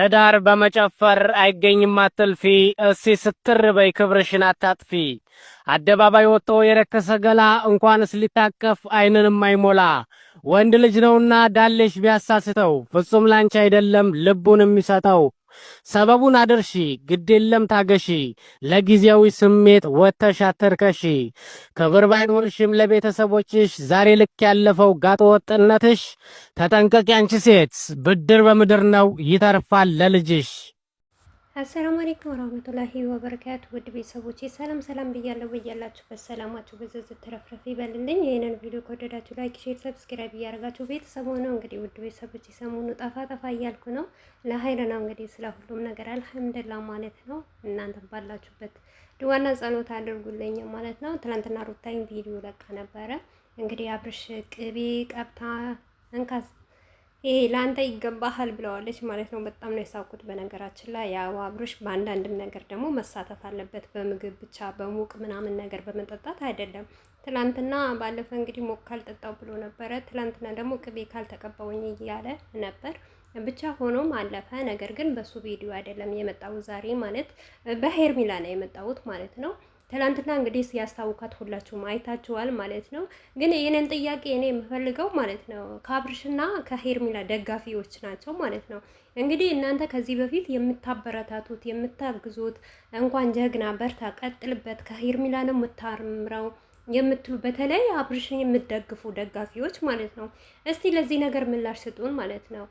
ትዳር በመጨፈር አይገኝም አትልፊ፣ እሲ ስትር በይ ክብርሽን አታጥፊ። አደባባይ ወጥቶ የረከሰ ገላ እንኳንስ ሊታቀፍ አይንን አይሞላ። ወንድ ልጅ ነውና ዳሌሽ ቢያሳስተው ፍጹም ላንቺ አይደለም ልቡን የሚሰጠው። ሰበቡን አድርሺ፣ ግድ የለም ታገሺ፣ ለጊዜያዊ ስሜት ወጥተሽ አትርከሺ። ክብር ባይኖርሽም ለቤተሰቦችሽ ዛሬ ልክ ያለፈው ጋጠ ወጥነትሽ፣ ተጠንቀቂ አንቺ ሴት፣ ብድር በምድር ነው ይተርፋል ለልጅሽ። አሰላሙ አለይኩም ወራህመቱላሂ ወበረካቱ ውድ ቤተሰቦቼ ሰላም ሰላም ብያለሁ። በያላችሁበት ሰላማችሁ በዘዝ ተረፍረፍ ይበልልኝ። ይህንን ቪዲዮ ከወደዳችሁ ላይክ፣ ሼር፣ ሰብስክራይብ እያደረጋችሁ ቤተሰብ ነው። እንግዲህ ውድ ቤተሰቦች ሰሞኑ ጠፋ ጠፋ እያልኩ ነው። ለሀይል ነው እንግዲህ ስለ ሁሉም ነገር አልሐምድላ ማለት ነው። እናንተም ባላችሁበት ድዋና ጸሎት አድርጉልኝ ማለት ነው። ትናንትና ሩታይም ቪዲዮ ለቃ ነበረ እንግዲህ አብርሽ ቅቤ ቀብታ እንካስ ይሄ ለአንተ ይገባሃል ብለዋለች ማለት ነው። በጣም ነው የሳቁት። በነገራችን ላይ ያው አብርሽ በአንዳንድም ነገር ደግሞ መሳተፍ አለበት። በምግብ ብቻ በሙቅ ምናምን ነገር በመጠጣት አይደለም። ትላንትና ባለፈ እንግዲህ ሞቅ ካልጠጣው ብሎ ነበረ። ትላንትና ደግሞ ቅቤ ካልተቀባውኝ እያለ ነበር። ብቻ ሆኖም አለፈ። ነገር ግን በሱ ቪዲዮ አይደለም የመጣው ዛሬ ማለት በሄርሚላ ነው የመጣሁት ማለት ነው። ትናንትና እንግዲህ ሲያስታውካት ሁላችሁም አይታችኋል ማለት ነው። ግን ይህንን ጥያቄ እኔ የምፈልገው ማለት ነው ከአብርሽና ከሄርሚላ ደጋፊዎች ናቸው ማለት ነው። እንግዲህ እናንተ ከዚህ በፊት የምታበረታቱት የምታግዙት፣ እንኳን ጀግና በርታ፣ ቀጥልበት፣ ከሄርሚላ ነው የምታርምረው የምትሉ በተለይ አብርሽን የምትደግፉ ደጋፊዎች ማለት ነው። እስቲ ለዚህ ነገር ምላሽ ስጡን ማለት ነው።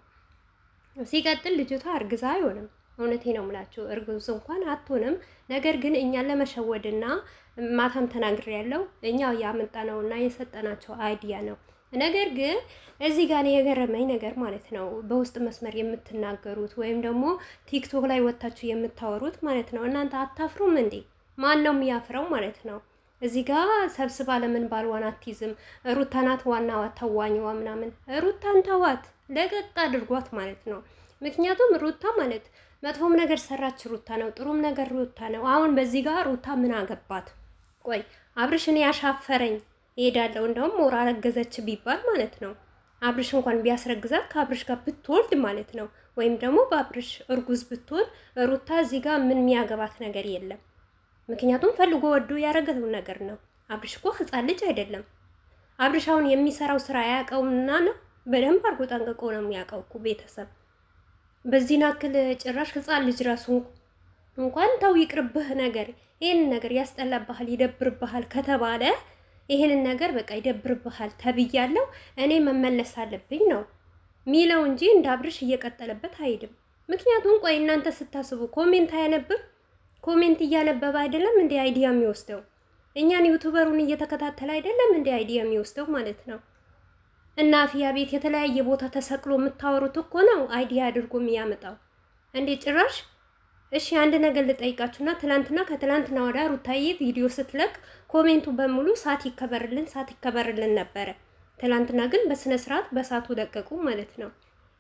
ሲቀጥል ልጅቷ እርግዛ አይሆንም። እውነቴ ነው የምላችሁ እርጉዝ እንኳን አትሆንም። ነገር ግን እኛን ለመሸወድና ማታም ተናግሬ ያለው እኛ ያመጣነውና የሰጠናቸው አይዲያ ነው። ነገር ግን እዚህ ጋር የገረመኝ ነገር ማለት ነው በውስጥ መስመር የምትናገሩት ወይም ደግሞ ቲክቶክ ላይ ወታችሁ የምታወሩት ማለት ነው። እናንተ አታፍሩም እንዴ? ማን ነው የሚያፍረው ማለት ነው? እዚህ ጋር ሰብስባ ለምን ባልዋን አትይዝም? ሩታ ናት ዋና ተዋኝዋ ምናምን ሩታን ተዋት፣ ለቀቅ አድርጓት ማለት ነው። ምክንያቱም ሩታ ማለት መጥፎም ነገር ሰራች ሩታ ነው፣ ጥሩም ነገር ሩታ ነው። አሁን በዚህ ጋር ሩታ ምን አገባት? ቆይ አብርሽን ያሻፈረኝ እሄዳለሁ። እንደውም ሞራ አረገዘች ቢባል ማለት ነው አብርሽ እንኳን ቢያስረግዛት ከአብርሽ ጋር ብትወልድ ማለት ነው፣ ወይም ደግሞ በአብርሽ እርጉዝ ብትሆን ሩታ እዚህ ጋር ምን የሚያገባት ነገር የለም። ምክንያቱም ፈልጎ ወዶ ያረገዘው ነገር ነው። አብርሽ እኮ ሕፃን ልጅ አይደለም። አብርሽ አሁን የሚሰራው ስራ አያውቀውምና ነው። በደንብ አድርጎ ጠንቅቆ ነው የሚያውቀው እኮ ቤተሰብ በዚህ ናክል ጭራሽ ህፃን ልጅ ራሱ እንኳን ተው ይቅርብህ ነገር ይህንን ነገር ያስጠላብሃል፣ ይደብርብሃል ከተባለ ይህንን ነገር በቃ ይደብርብሃል ተብያለሁ እኔ መመለስ አለብኝ ነው ሚለው እንጂ እንደ አብርሽ እየቀጠለበት አይሄድም። ምክንያቱም ቆይ እናንተ ስታስቡ ኮሜንት አያነብም? ኮሜንት እያነበበ አይደለም እንደ አይዲያ የሚወስደው እኛን ዩቱበሩን እየተከታተለ አይደለም እንደ አይዲያ የሚወስደው ማለት ነው። እና አፍያ ቤት የተለያየ ቦታ ተሰቅሎ የምታወሩት እኮ ነው አይዲያ አድርጎ የሚያመጣው እንዴ ጭራሽ እሺ አንድ ነገር ልጠይቃችሁና ትላንትና ከትላንትና ወዲያ ሩታዬ ቪዲዮ ስትለቅ ኮሜንቱ በሙሉ ሳት ይከበርልን ሳት ይከበርልን ነበረ ትላንትና ግን በስነ ስርዓት በሳቱ ለቀቁ ማለት ነው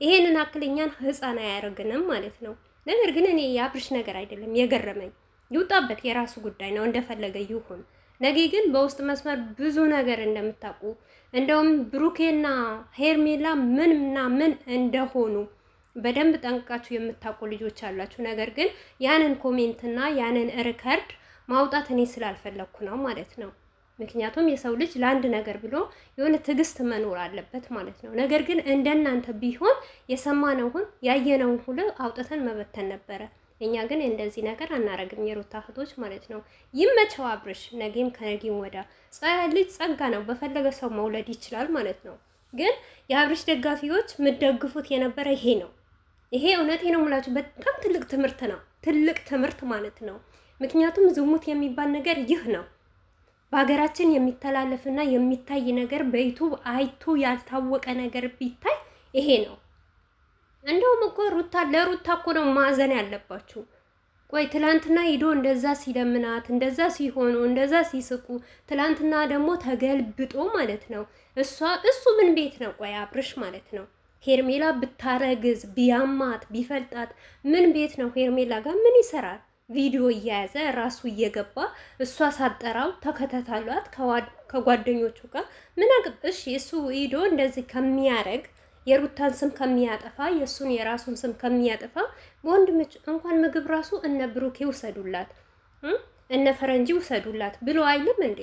ይሄንን አክልኛን ህፃን አያደርግንም ማለት ነው ነገር ግን እኔ የአብርሽ ነገር አይደለም የገረመኝ ይውጣበት የራሱ ጉዳይ ነው እንደፈለገ ይሁን ነገ ግን በውስጥ መስመር ብዙ ነገር እንደምታውቁ እንደውም ብሩኬና ሄርሜላ ምንና ምን እንደሆኑ በደንብ ጠንቅቃችሁ የምታውቁ ልጆች አላችሁ። ነገር ግን ያንን ኮሜንትና ያንን ሪከርድ ማውጣት እኔ ስላልፈለግኩ ነው ማለት ነው። ምክንያቱም የሰው ልጅ ለአንድ ነገር ብሎ የሆነ ትዕግስት መኖር አለበት ማለት ነው። ነገር ግን እንደናንተ ቢሆን የሰማነውን ያየነውን ሁሉ አውጥተን መበተን ነበረ። እኛ ግን እንደዚህ ነገር አናረግም፣ የሩታ እህቶች ማለት ነው። ይመቸው አብርሽ። ነገም ከነገም ወዳ ልጅ ጸጋ ነው፣ በፈለገ ሰው መውለድ ይችላል ማለት ነው። ግን የአብርሽ ደጋፊዎች የምትደግፉት የነበረ ይሄ ነው። ይሄ እውነቴ ነው ሙላችሁ፣ በጣም ትልቅ ትምህርት ነው፣ ትልቅ ትምህርት ማለት ነው። ምክንያቱም ዝሙት የሚባል ነገር ይህ ነው። በሀገራችን የሚተላለፍና የሚታይ ነገር በዩቱብ አይቶ ያልታወቀ ነገር ቢታይ ይሄ ነው። እንደውም እኮ ሩታ ለሩታ እኮ ነው ማዘን ያለባችሁ። ቆይ ትላንትና ሂዶ እንደዛ ሲለምናት እንደዛ ሲሆኑ እንደዛ ሲስቁ፣ ትላንትና ደግሞ ተገልብጦ ማለት ነው እሷ እሱ ምን ቤት ነው? ቆይ አብርሽ ማለት ነው ሄርሜላ ብታረግዝ ቢያማት ቢፈልጣት ምን ቤት ነው? ሄርሜላ ጋር ምን ይሰራል? ቪዲዮ እየያዘ ራሱ እየገባ እሷ ሳጠራው ተከታታሏት ከጓደኞቹ ጋር ምን አግብ። እሺ እሱ ሂዶ እንደዚህ ከሚያረግ የሩታን ስም ከሚያጠፋ የእሱን የራሱን ስም ከሚያጠፋ በወንድምች እንኳን ምግብ ራሱ እነ ብሩኬ ውሰዱላት እነ ፈረንጂ ውሰዱላት ብሎ አይልም እንዴ?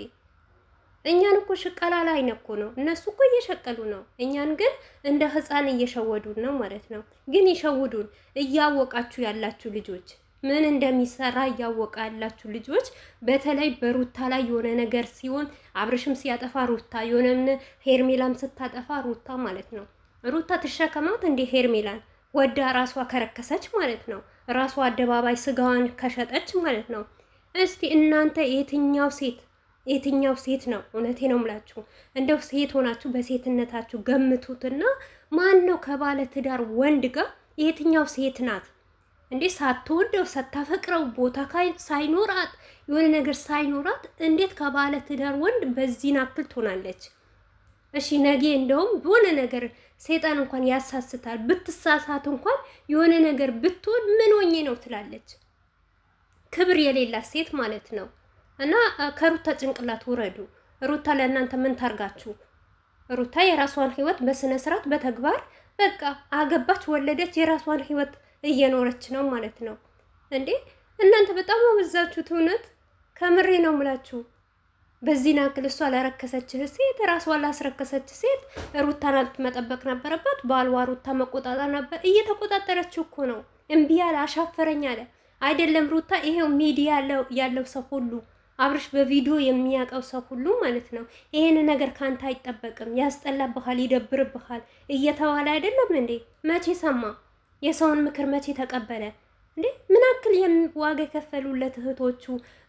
እኛን እኮ ሽቀላ ላይ ነኮ ነው። እነሱ እኮ እየሸቀሉ ነው፣ እኛን ግን እንደ ሕፃን እየሸወዱን ነው ማለት ነው። ግን ይሸውዱን እያወቃችሁ ያላችሁ ልጆች ምን እንደሚሰራ እያወቃ ያላችሁ ልጆች፣ በተለይ በሩታ ላይ የሆነ ነገር ሲሆን አብርሽም ሲያጠፋ ሩታ የሆነ ሄርሜላም ስታጠፋ ሩታ ማለት ነው ሩታ ትሸከማት እንደ ሄርሜላን ወዳ ራሷ ከረከሰች ማለት ነው። ራሷ አደባባይ ስጋዋን ከሸጠች ማለት ነው። እስቲ እናንተ የትኛው ሴት የትኛው ሴት ነው? እውነቴ ነው ምላችሁ፣ እንደው ሴት ሆናችሁ በሴትነታችሁ ገምቱትና ማን ነው ከባለ ትዳር ወንድ ጋር የትኛው ሴት ናት እንዴ ሳትወደው ሳታፈቅረው ቦታ ሳይኖራት የሆነ ነገር ሳይኖራት እንዴት ከባለ ትዳር ወንድ በዚህ ናክል ትሆናለች? እሺ ነጌ እንደውም የሆነ ነገር ሴጣን እንኳን ያሳስታል። ብትሳሳት እንኳን የሆነ ነገር ብትሆን ምን ሆኜ ነው ትላለች። ክብር የሌላት ሴት ማለት ነው። እና ከሩታ ጭንቅላት ውረዱ። ሩታ ለእናንተ ምን ታርጋችሁ? ሩታ የራሷን ህይወት በስነ ስርዓት በተግባር በቃ አገባች፣ ወለደች፣ የራሷን ህይወት እየኖረች ነው ማለት ነው። እንዴ እናንተ በጣም አበዛችሁት። እውነት ከምሬ ነው ምላችሁ በዚህ ያክል እሷ ላረከሰችህ ሴት ራሷ ላስረከሰች ሴት ሩታን መጠበቅ ነበረባት። ባልዋ ሩታ መቆጣጠር ነበር። እየተቆጣጠረች እኮ ነው። እምቢ ያለ አሻፈረኝ አለ አይደለም ሩታ። ይሄው ሚዲያ ያለው ሰው ሁሉ አብርሽ በቪዲዮ የሚያውቀው ሰው ሁሉ ማለት ነው። ይሄን ነገር ካንተ አይጠበቅም፣ ያስጠላብሃል፣ ይደብርብሃል እየተባለ አይደለም እንዴ? መቼ ሰማ? የሰውን ምክር መቼ ተቀበለ? እንዴ ምን አክል ዋጋ የከፈሉለት እህቶቹ፣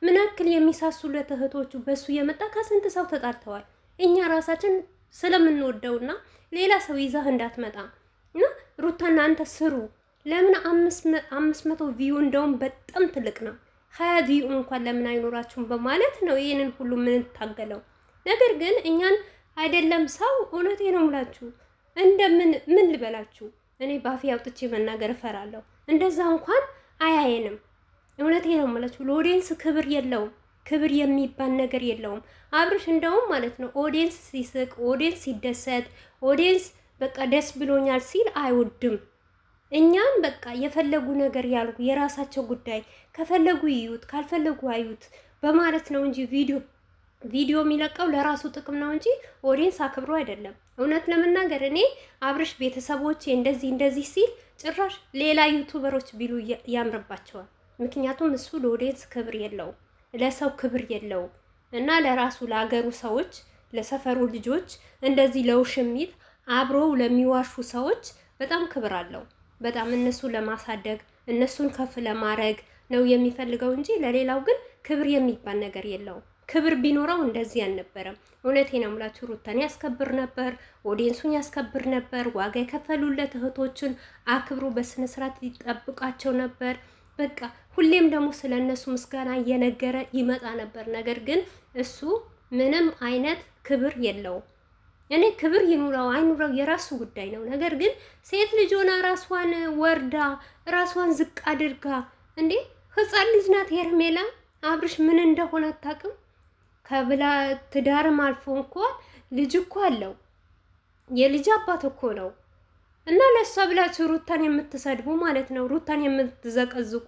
ምን አክል የሚሳሱለት እህቶቹ በሱ የመጣ ከስንት ሰው ተጣልተዋል። እኛ ራሳችን ስለምንወደውና ሌላ ሰው ይዛህ እንዳትመጣ እና ሩታና አንተ ስሩ። ለምን አምስት መቶ ቪዩ እንደውም በጣም ትልቅ ነው። ሀያ ቪዩ እንኳን ለምን አይኖራችሁም በማለት ነው ይህንን ሁሉ የምንታገለው። ነገር ግን እኛን አይደለም ሰው እውነቴ ነው ምላችሁ እንደምን ምን ልበላችሁ እኔ ባፌ አውጥቼ መናገር እፈራለሁ። እንደዛ እንኳን አያየንም። እውነቴ ነው ማለት ለኦዲየንስ ክብር የለውም። ክብር የሚባል ነገር የለውም። አብርሽ እንደውም ማለት ነው ኦዲየንስ ሲስቅ፣ ኦዲየንስ ሲደሰት፣ ኦዲየንስ በቃ ደስ ብሎኛል ሲል አይወድም። እኛም በቃ የፈለጉ ነገር ያልኩ የራሳቸው ጉዳይ ከፈለጉ ይዩት ካልፈለጉ አዩት በማለት ነው እንጂ ቪዲዮ ቪዲዮ የሚለቀው ለራሱ ጥቅም ነው እንጂ ኦዲየንስ አክብሮ አይደለም። እውነት ለመናገር እኔ አብርሽ ቤተሰቦቼ እንደዚህ እንደዚህ ሲል ጭራሽ ሌላ ዩቱበሮች ቢሉ ያምርባቸዋል። ምክንያቱም እሱ ለኦዲየንስ ክብር የለውም፣ ለሰው ክብር የለውም እና ለራሱ ለአገሩ ሰዎች፣ ለሰፈሩ ልጆች እንደዚህ ለውሽሚት አብረው ለሚዋሹ ሰዎች በጣም ክብር አለው። በጣም እነሱ ለማሳደግ እነሱን ከፍ ለማድረግ ነው የሚፈልገው እንጂ ለሌላው ግን ክብር የሚባል ነገር የለውም። ክብር ቢኖረው እንደዚህ አልነበረም። እውነቴ ነው የምላችሁ ሩታን ያስከብር ነበር፣ ኦዲየንሱን ያስከብር ነበር። ዋጋ የከፈሉለት እህቶችን አክብሮ በስነስርዓት ይጠብቃቸው ነበር። በቃ ሁሌም ደግሞ ስለ እነሱ ምስጋና እየነገረ ይመጣ ነበር። ነገር ግን እሱ ምንም አይነት ክብር የለውም። እኔ ክብር ይኑረው አይኑረው የራሱ ጉዳይ ነው። ነገር ግን ሴት ልጅ ሆና ራሷን ወርዳ ራሷን ዝቅ አድርጋ እንዴ፣ ህፃን ልጅ ናት ሄርሜላ። አብርሽ ምን እንደሆነ አታውቅም። ከብላ ትዳርም አልፎ እንኳን ልጅ እኮ አለው የልጅ አባት እኮ ነው። እና ለእሷ ብላችሁ ሩታን የምትሰድቡ ማለት ነው፣ ሩታን የምትዘቀዝቁ